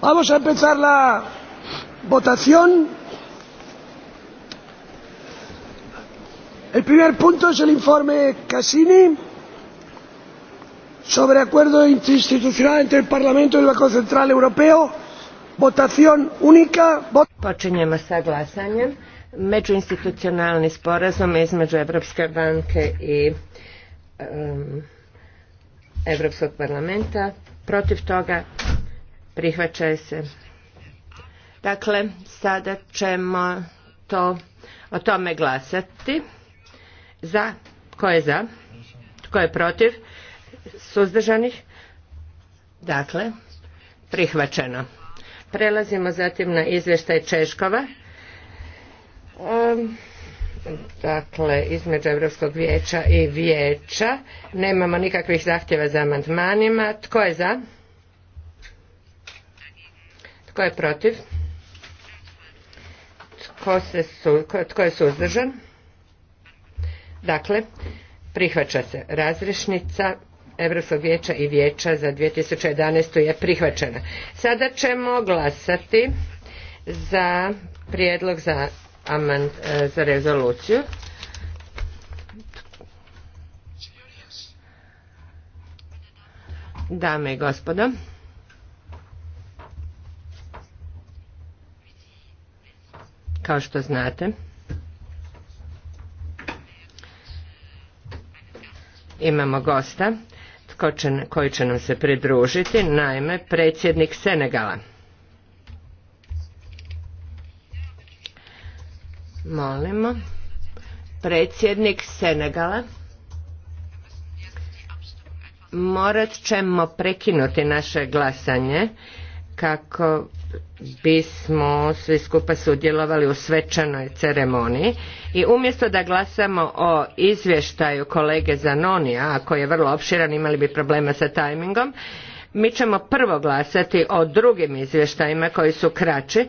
Vamos a empezar la votación. El primer punto es el informe Cassini sobre acuerdo interinstitucional entre el Parlamento y el Banco Central Europeo. Votación única. Vot Počinjemo sa glasanjem. Međuinstitucionalni sporazum između Evropske banke i um, Europskog parlamenta. Protiv toga Prihvaća se. Dakle, sada ćemo to, o tome glasati. Za, ko je za? Ko je protiv? Suzdržanih? Dakle, prihvaćeno. Prelazimo zatim na izvještaj Češkova. dakle, između Europskog vijeća i vijeća. Nemamo nikakvih zahtjeva za amandmanima. Tko je za? Tko je protiv? Tko, se je suzdržan? Dakle, prihvaća se razrešnica Europskog vijeća i vijeća za 2011. je prihvaćena. Sada ćemo glasati za prijedlog za, amand, e, za rezoluciju. Dame i gospodo, kao što znate imamo gosta koji će nam se pridružiti naime predsjednik Senegala molimo predsjednik Senegala morat ćemo prekinuti naše glasanje kako bismo svi skupa sudjelovali u svečanoj ceremoniji i umjesto da glasamo o izvještaju kolege Zanonija, a koji je vrlo opširan, imali bi problema sa tajmingom, mi ćemo prvo glasati o drugim izvještajima koji su kraći,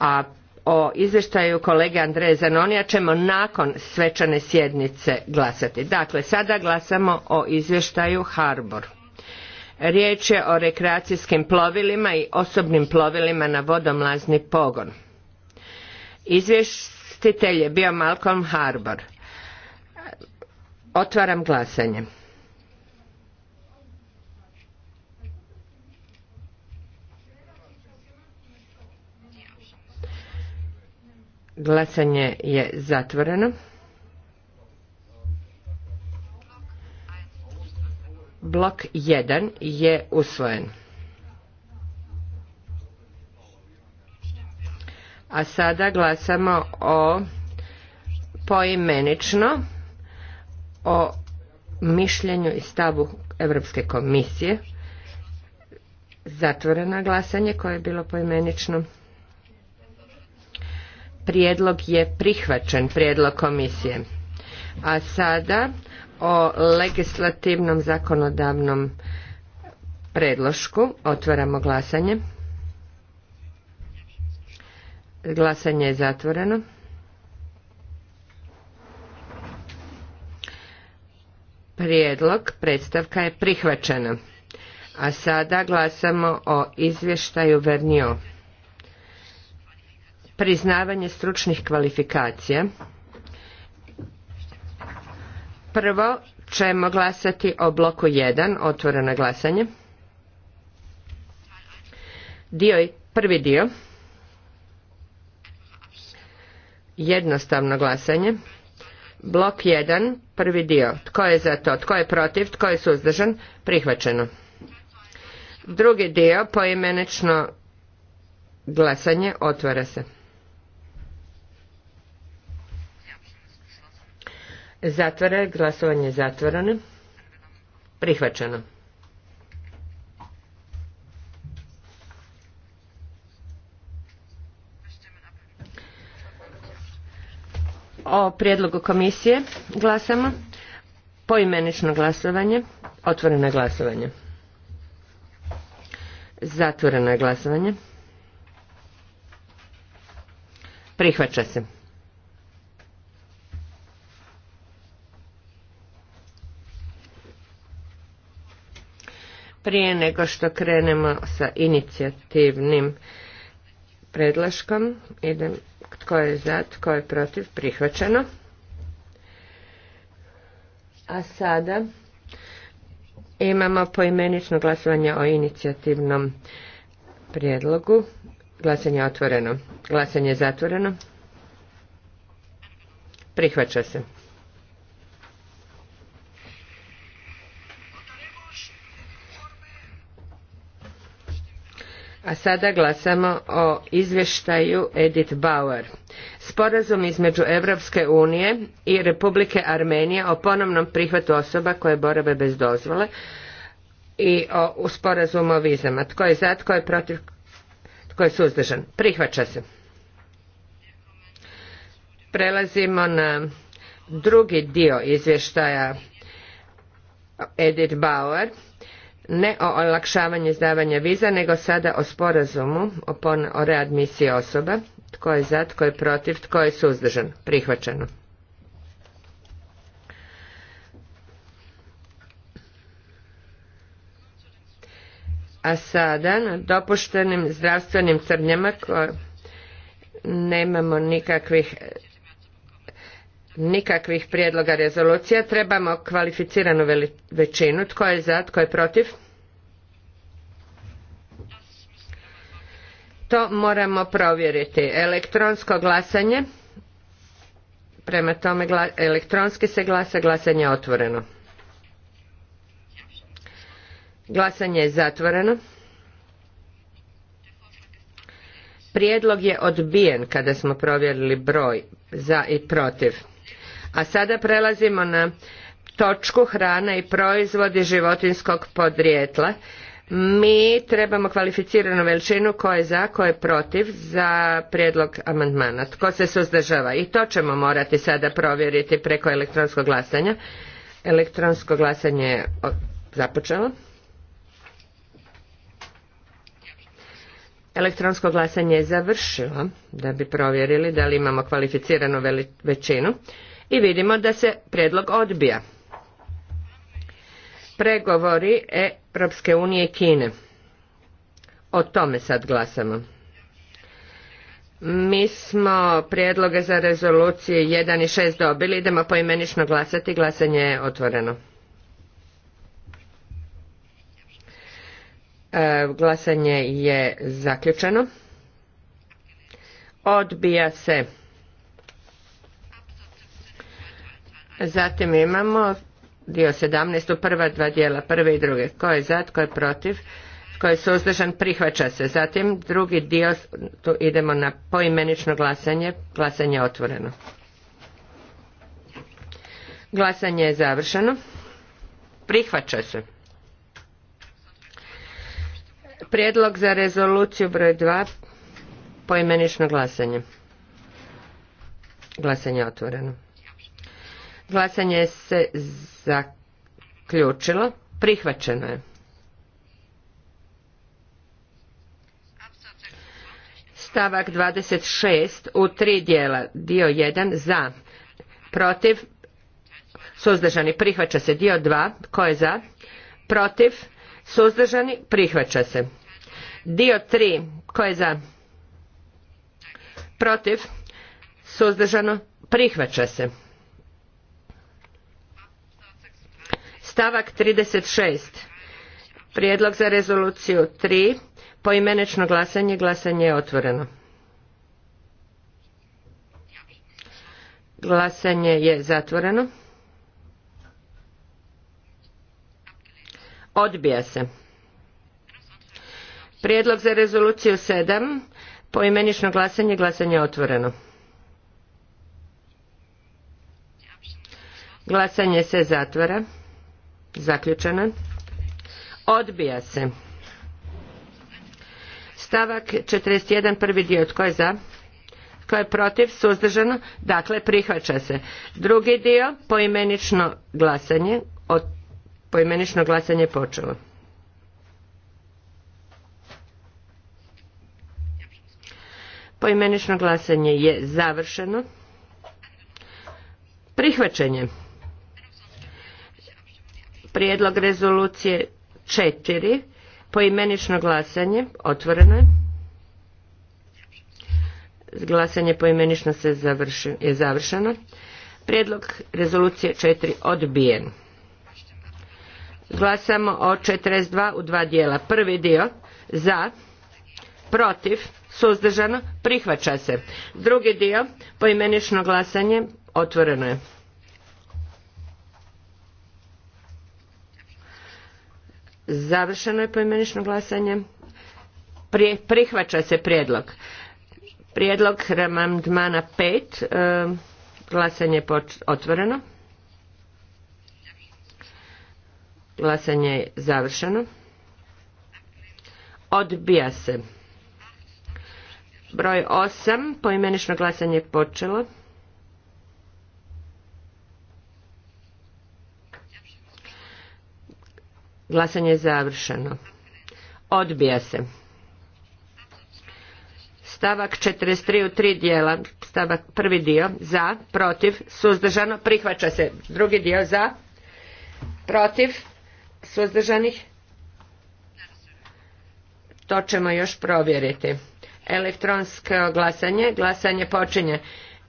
a o izvještaju kolege Andreje Zanonija ćemo nakon svečane sjednice glasati. Dakle, sada glasamo o izvještaju Harbor. Riječ je o rekreacijskim plovilima i osobnim plovilima na vodomlazni pogon. Izvjestitelj je bio Malcolm Harbour. Otvaram glasanje. Glasanje je zatvoreno. Blok 1 je usvojen. A sada glasamo o poimenično o mišljenju i stavu Europske komisije. Zatvoreno glasanje koje je bilo poimenično. Prijedlog je prihvaćen, prijedlog komisije. A sada o legislativnom zakonodavnom predlošku otvaramo glasanje. Glasanje je zatvoreno. Prijedlog predstavka je prihvaćena. A sada glasamo o izvještaju Vernio. Priznavanje stručnih kvalifikacija. Prvo ćemo glasati o bloku 1, otvoreno glasanje. Dio, prvi dio. Jednostavno glasanje. Blok 1, prvi dio. Tko je za to? Tko je protiv? Tko je suzdržan? Prihvaćeno. Drugi dio, poimenično glasanje, otvara se. Zatvore, glasovanje zatvoreno. Prihvaćeno. O prijedlogu komisije glasamo. Poimenično glasovanje. Otvoreno glasovanje. Zatvoreno je glasovanje. Prihvaća se. prije nego što krenemo sa inicijativnim predlaškom, idem tko je za, tko je protiv, prihvaćeno. A sada imamo poimenično glasovanje o inicijativnom prijedlogu. Glasanje je otvoreno. Glasanje je zatvoreno. Prihvaća se. A sada glasamo o izvještaju Edith Bauer. Sporazum između Europske unije i Republike Armenije o ponovnom prihvatu osoba koje borave bez dozvole i o sporazumu o vizama. Tko je za, tko je protiv, tko je suzdržan? Prihvaća se. Prelazimo na drugi dio izvještaja Edith Bauer ne o olakšavanju izdavanja viza, nego sada o sporazumu o, readmisiji osoba. Tko je za, tko je protiv, tko je suzdržan? Prihvaćeno. A sada na dopuštenim zdravstvenim crnjama nemamo nikakvih nikakvih prijedloga rezolucija. Trebamo kvalificiranu većinu. Tko je za, tko je protiv? To moramo provjeriti. Elektronsko glasanje. Prema tome elektronski se glasa, glasanje je otvoreno. Glasanje je zatvoreno. Prijedlog je odbijen kada smo provjerili broj za i protiv. A sada prelazimo na točku hrana i proizvodi životinskog podrijetla. Mi trebamo kvalificiranu veličinu ko je za, ko je protiv za prijedlog amandmana. Tko se suzdržava? I to ćemo morati sada provjeriti preko elektronskog glasanja. Elektronsko glasanje je započelo. Elektronsko glasanje je završilo da bi provjerili da li imamo kvalificiranu većinu i vidimo da se prijedlog odbija. Pregovori Europske unije i Kine. O tome sad glasamo. Mi smo prijedloge za rezolucije 1 i 6 dobili. Idemo poimenično glasati. Glasanje je otvoreno. E, glasanje je zaključeno. Odbija se. Zatim imamo dio 17 prva dva dijela, prve i druge. Ko je za, tko je protiv, tko je suzdržan, prihvaća se. Zatim drugi dio, tu idemo na poimenično glasanje, glasanje je otvoreno. Glasanje je završeno. Prihvaća se. Prijedlog za rezoluciju broj dva, poimenično glasanje. Glasanje otvoreno. Glasanje se zaključilo. Prihvaćeno je. Stavak 26 u tri dijela. Dio 1 za, protiv, suzdržani prihvaća se. Dio 2 ko je za, protiv, suzdržani prihvaća se. Dio 3 ko je za, protiv, suzdržano prihvaća se. Stavak 36. Prijedlog za rezoluciju 3. poimenično glasanje. Glasanje je otvoreno. Glasanje je zatvoreno. Odbija se. Prijedlog za rezoluciju 7. Poimenično glasanje. Glasanje je otvoreno. Glasanje se zatvara. Zaključeno. Odbija se. Stavak 41. prvi dio. Tko je za? Tko je protiv? Suzdržano? Dakle, prihvaća se. Drugi dio, poimenično glasanje. Od, poimenično glasanje počelo. Poimenično glasanje je završeno. Prihvaćenje prijedlog rezolucije četiri, poimenično glasanje otvoreno je glasanje poimenično se je završeno prijedlog rezolucije četiri odbijen glasamo o 42 u dva dijela prvi dio za protiv suzdržano prihvaća se drugi dio poimenično glasanje otvoreno je Završeno je poimenično glasanje. prihvaća se prijedlog. Prijedlog amandmana 5. E, glasanje je otvoreno. Glasanje je završeno. Odbija se. Broj 8. Poimenično glasanje je počelo. Glasanje je završeno. Odbija se. Stavak 43 u tri dijela. Stavak prvi dio za, protiv, suzdržano, prihvaća se. Drugi dio za, protiv, suzdržanih. To ćemo još provjeriti. Elektronsko glasanje, glasanje počinje.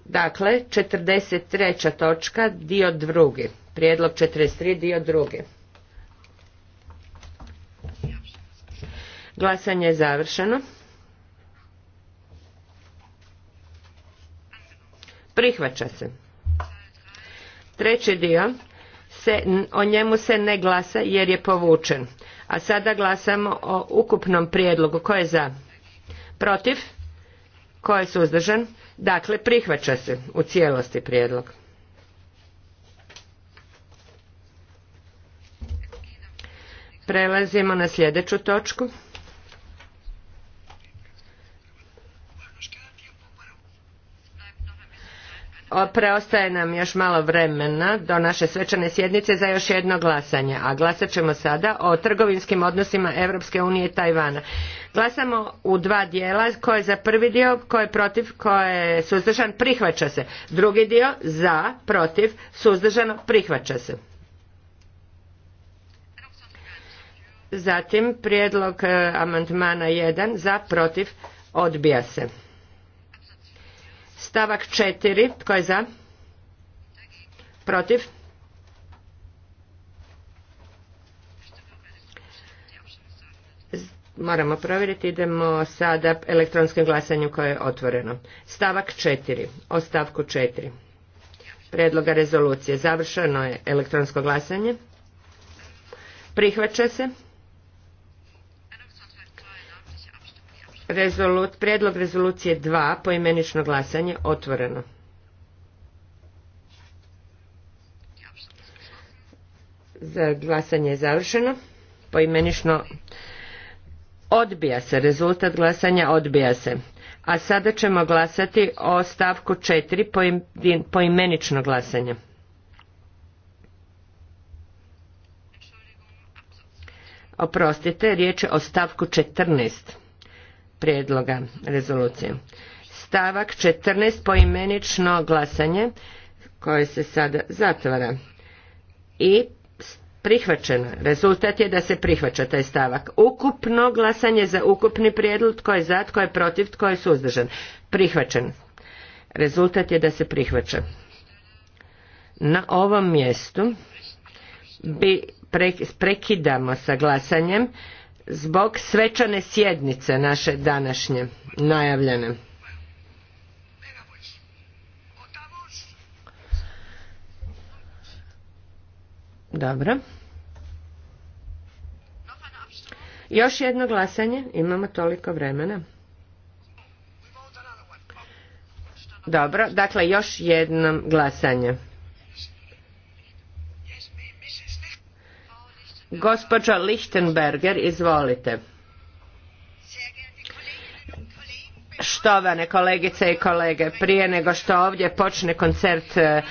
Dakle, 43. točka, dio drugi. Prijedlog 43, dio drugi. Glasanje je završeno. Prihvaća se. Treći dio, se, o njemu se ne glasa jer je povučen. A sada glasamo o ukupnom prijedlogu. Ko je za? Protiv? Ko je suzdržan? Dakle, prihvaća se u cijelosti prijedlog. Prelazimo na sljedeću točku. Preostaje nam još malo vremena do naše svečane sjednice za još jedno glasanje, a glasat ćemo sada o trgovinskim odnosima Europske unije i Tajvana. Glasamo u dva dijela, koje za prvi dio, tko je protiv, ko je suzdržan, prihvaća se. Drugi dio, za, protiv, suzdržano, prihvaća se. Zatim prijedlog e, amandmana 1, za, protiv, odbija se. Stavak četiri, Tko je za? Protiv? Moramo provjeriti. Idemo sada elektronskim glasanjem koje je otvoreno. Stavak četiri, O stavku četiri Predloga rezolucije. Završeno je elektronsko glasanje. Prihvaća se. Rezolut, predlog rezolucije 2, poimenično glasanje, otvoreno. Za glasanje je završeno. Poimenično odbija se. Rezultat glasanja odbija se. A sada ćemo glasati o stavku 4 poimenično glasanje. Oprostite, riječ je o stavku 14 prijedloga rezolucije. Stavak 14. poimenično glasanje koje se sada zatvara i prihvaćeno. Rezultat je da se prihvaća taj stavak. Ukupno glasanje za ukupni prijedlog, tko je za, tko je protiv, tko je suzdržan. Prihvaćen. Rezultat je da se prihvaća. Na ovom mjestu bi prekidamo sa glasanjem zbog svečane sjednice naše današnje najavljene. Dobro. Još jedno glasanje, imamo toliko vremena. Dobro, dakle još jednom glasanje. Gospođa Lichtenberger, izvolite. Štovane kolegice i kolege, prije nego što ovdje počne koncert eh,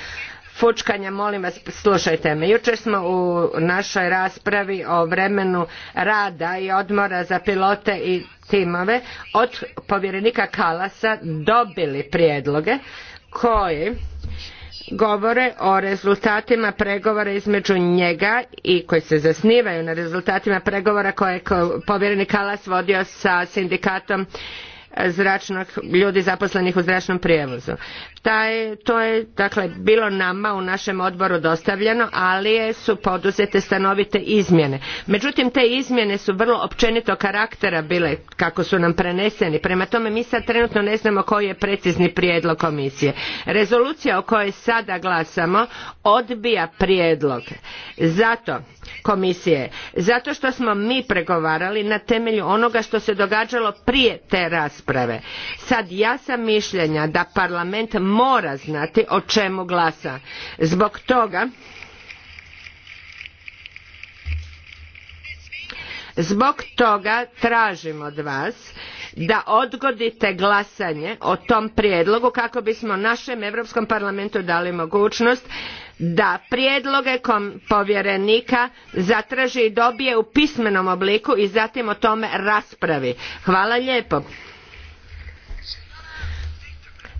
fučkanja, molim vas slušajte me. Jučer smo u našoj raspravi o vremenu rada i odmora za pilote i timove od povjerenika Kalasa dobili prijedloge koji govore o rezultatima pregovora između njega i koji se zasnivaju na rezultatima pregovora koje je povjerenik Kalas vodio sa sindikatom zračnog, ljudi zaposlenih u zračnom prijevozu. Taj, to je dakle bilo nama u našem odboru dostavljeno, ali su poduzete stanovite izmjene. Međutim, te izmjene su vrlo općenito karaktera bile kako su nam preneseni. Prema tome, mi sad trenutno ne znamo koji je precizni prijedlog komisije. Rezolucija o kojoj sada glasamo odbija prijedlog. Zato komisije, zato što smo mi pregovarali na temelju onoga što se događalo prije te rasprave rasprave. Sad ja sam mišljenja da parlament mora znati o čemu glasa. Zbog toga Zbog toga tražim od vas da odgodite glasanje o tom prijedlogu kako bismo našem Europskom parlamentu dali mogućnost da prijedloge povjerenika zatraži i dobije u pismenom obliku i zatim o tome raspravi. Hvala lijepo.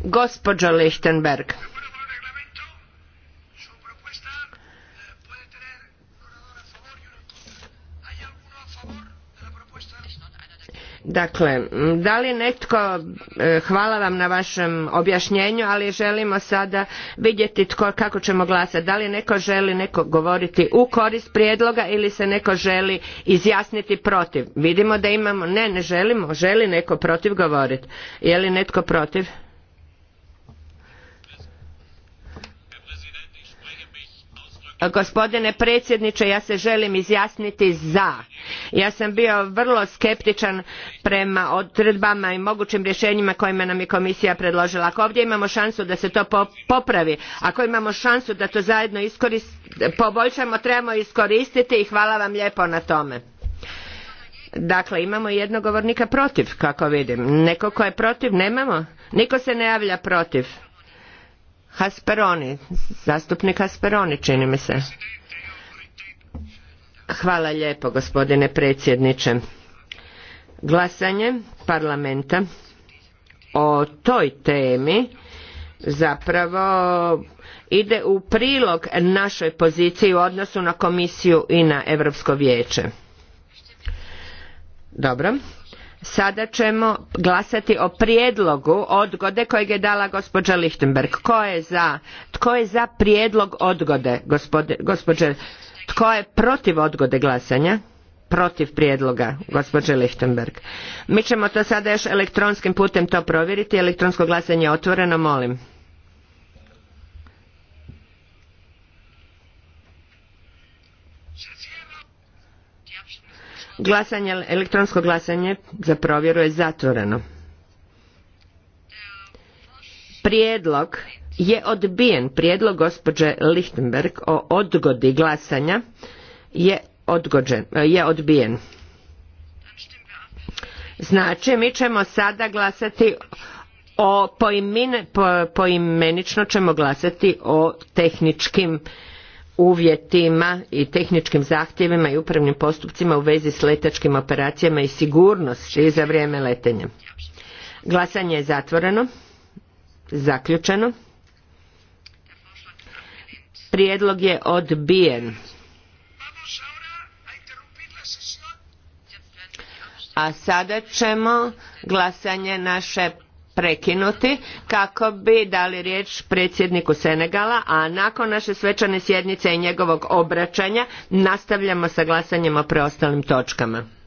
Gospođo Lichtenberg. Dakle, da li netko, e, hvala vam na vašem objašnjenju, ali želimo sada vidjeti tko, kako ćemo glasati. Da li neko želi neko govoriti u korist prijedloga ili se neko želi izjasniti protiv? Vidimo da imamo, ne, ne želimo, želi neko protiv govoriti. Je li netko protiv? gospodine predsjedniče ja se želim izjasniti za ja sam bio vrlo skeptičan prema odredbama i mogućim rješenjima kojima nam je komisija predložila ako ovdje imamo šansu da se to popravi ako imamo šansu da to zajedno poboljšamo trebamo iskoristiti i hvala vam lijepo na tome Dakle, imamo jednog govornika protiv, kako vidim. Neko tko je protiv, nemamo? Niko se ne javlja protiv. Hasperoni, zastupnik Hasperoni čini mi se. Hvala lijepo gospodine predsjedniče. Glasanje parlamenta o toj temi zapravo ide u prilog našoj poziciji u odnosu na komisiju i na Europsko vijeće. Dobro. Sada ćemo glasati o prijedlogu odgode kojeg je dala gospođa Lichtenberg. Tko je za? Tko je za prijedlog odgode, gospođe? Tko je protiv odgode glasanja? Protiv prijedloga, gospođe Lichtenberg. Mi ćemo to sada još elektronskim putem to provjeriti. Elektronsko glasanje je otvoreno, molim. Glasanje, elektronsko glasanje za provjeru je zatvoreno. Prijedlog je odbijen. Prijedlog gospođe Lichtenberg o odgodi glasanja je, odgođen, je odbijen. Znači, mi ćemo sada glasati o poimenično ćemo glasati o tehničkim uvjetima i tehničkim zahtjevima i upravnim postupcima u vezi s letačkim operacijama i sigurnosti za vrijeme letenja. Glasanje je zatvoreno, zaključeno. Prijedlog je odbijen. A sada ćemo glasanje naše prekinuti kako bi dali riječ predsjedniku Senegala, a nakon naše svečane sjednice i njegovog obraćanja nastavljamo sa glasanjem o preostalim točkama.